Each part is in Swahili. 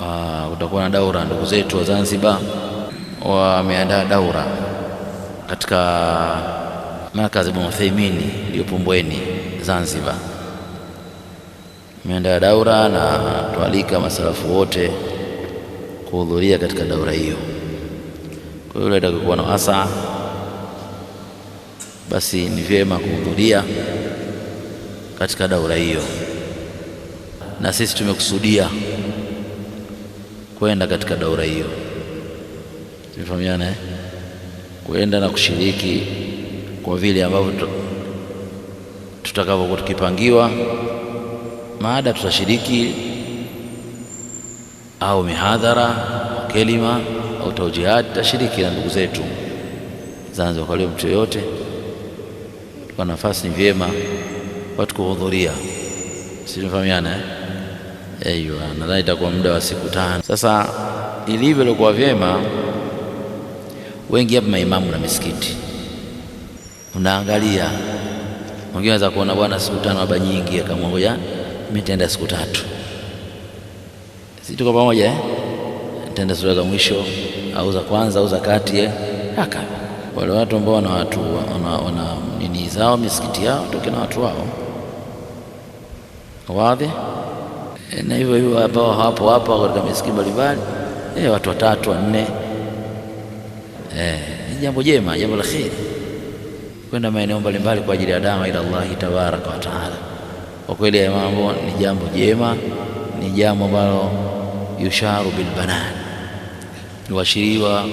Ah, kutakuwa na daura. Ndugu zetu wa Zanzibar wameandaa daura katika makazi Ibn Uthaymeen iliyopo Mbweni, Zanzibar. Meandaa daura na twalika masalafu wote kuhudhuria katika daura hiyo. Kwa hiyo atakayokuwa na hasa basi ni vyema kuhudhuria katika daura hiyo, na sisi tumekusudia kwenda katika daura hiyo, tumefahamiana eh? Kwenda na kushiriki kwa vile ambavyo tutakavyokuwa tukipangiwa, maada tutashiriki au mihadhara au kelima au taujihat, tutashiriki na ndugu zetu Zanzibar. Kwa leo mtu yoyote kwa nafasi, ni vyema watu kuhudhuria, si eh? Aiwa, nadhani itakuwa muda wa siku tano. Sasa ilivyo ilikuwa vyema, wengi hapa maimamu na misikiti, unaangalia mwingine anaweza kuona bwana, siku tano haba nyingi, akamwa ngoja mimi nitaenda siku tatu, si tuko pamoja eh? Nitaenda sura za mwisho au za kwanza au za kati eh? Haka wale watu ambao wana watu wana nini zao misikiti yao toke na watu wao wadhi Eh, na hivyo hivyo ambao hapo hapo katika misikiti mbalimbali e, watu watatu wanne, eh, ni jambo jema, jambo la kheri kwenda maeneo mbalimbali kwa ajili ya dawa ila Allahi tabaraka wa taala. Kwa kweli mambo ni jambo jema, ni jambo ambalo yusharu bilbanan, niwashiriwa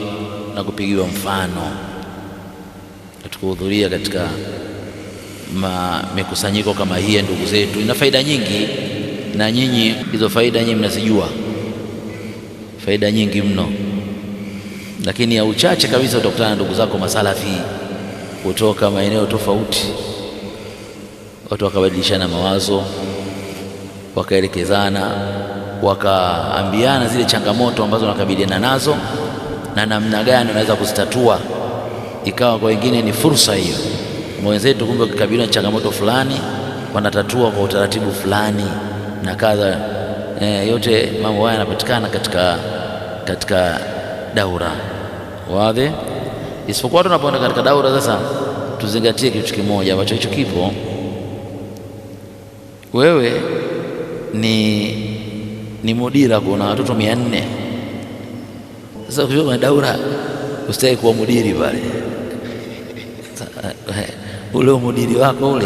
na kupigiwa mfano tukuhudhuria katika mikusanyiko kama hii. Ndugu zetu, ina faida nyingi na nyinyi hizo faida nyinyi mnazijua, faida nyingi mno, lakini ya uchache kabisa utakutana na ndugu zako masalafi kutoka maeneo tofauti, watu wakabadilishana mawazo, wakaelekezana, wakaambiana zile changamoto ambazo wanakabiliana nazo na namna gani wanaweza kuzitatua, ikawa kwa wengine ni fursa hiyo. Wenzetu kumbe wakikabiliwa na changamoto fulani wanatatua kwa utaratibu fulani na kadha. E, yote mambo haya yanapatikana katika, katika daura wadhi, isipokuwa tunapoenda katika daura sasa tuzingatie kitu kimoja ambacho hicho kipo. Wewe ni, ni mudira, kuna watoto mia nne. Sasa ukifika kwenye daura ustai kuwa mudiri pale, ule umudiri wako ule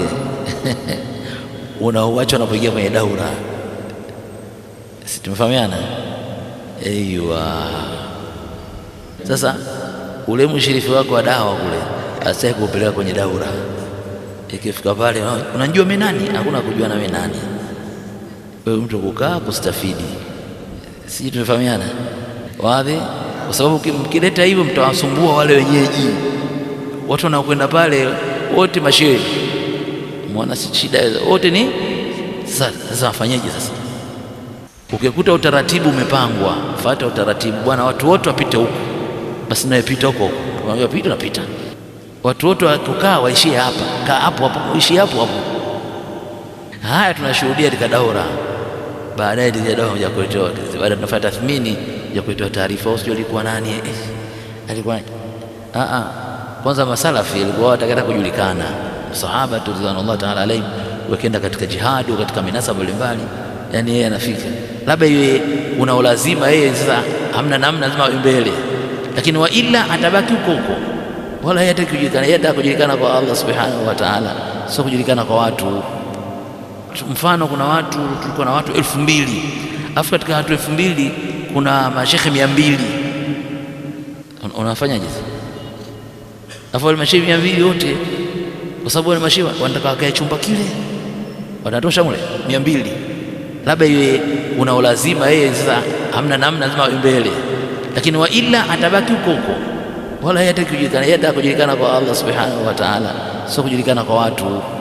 unauacha unapoingia kwenye daura sisi tumefahamiana. Aiwa, sasa ule mshirifu wako wa dawa kule asai kupeleka kwenye daura, ikifika pale unajua mimi nani? Hakuna kujua na mimi nani, wewe mtu kukaa kustafidi, sisi tumefahamiana wazi, kwa sababu mkileta hivyo mtawasumbua wale wenyeji, watu wanaokwenda pale wote mashehe, mwana si shida, wote ni sasa. Sasa wafanyeje sasa Ukikuta utaratibu umepangwa, fuata utaratibu bwana, watu wote wapite huko, basi nawe pita huko huko, unajua pita unapita. Watu wote wakukaa waishie hapa, kaa hapo hapo, waishie hapo hapo. Haya tunashuhudia katika daura, baadaye ile daura ya kuitoa, baada tunafanya tathmini ya kuitoa taarifa, usijue alikuwa nani, eh, alikuwa nani. A ah, a, ah. kwanza masalafi walikuwa wanataka kujulikana, sahaba tu radhiallahu ta'ala alayhi wakienda katika jihadi, katika minasaba mbalimbali, yani yeye anafika labda iwe unaolazima yeye, sasa hamna namna, lazima awe mbele, lakini wa ila atabaki huko huko, wala yeye hataki kujulikana. Yeye hataka kujulikana kwa Allah subhanahu wa ta'ala, sio kujulikana kwa watu. Mfano, kuna watu tulikuwa na watu elfu mbili afu katika watu elfu mbili kuna mashehe mia mbili unafanyaje? Afu wale mashehe mia mbili wote, kwa sababu wale mashehe wanataka wakae chumba kile, watatosha mule mia mbili labda iwe ulazima yeye, sasa hamna namna, lazima awe mbele, lakini wa ila atabaki huko huko, wala yeye hataki kujulikana. Yeye ataka kujulikana kwa Allah subhanahu wa ta'ala, sio kujulikana kwa watu.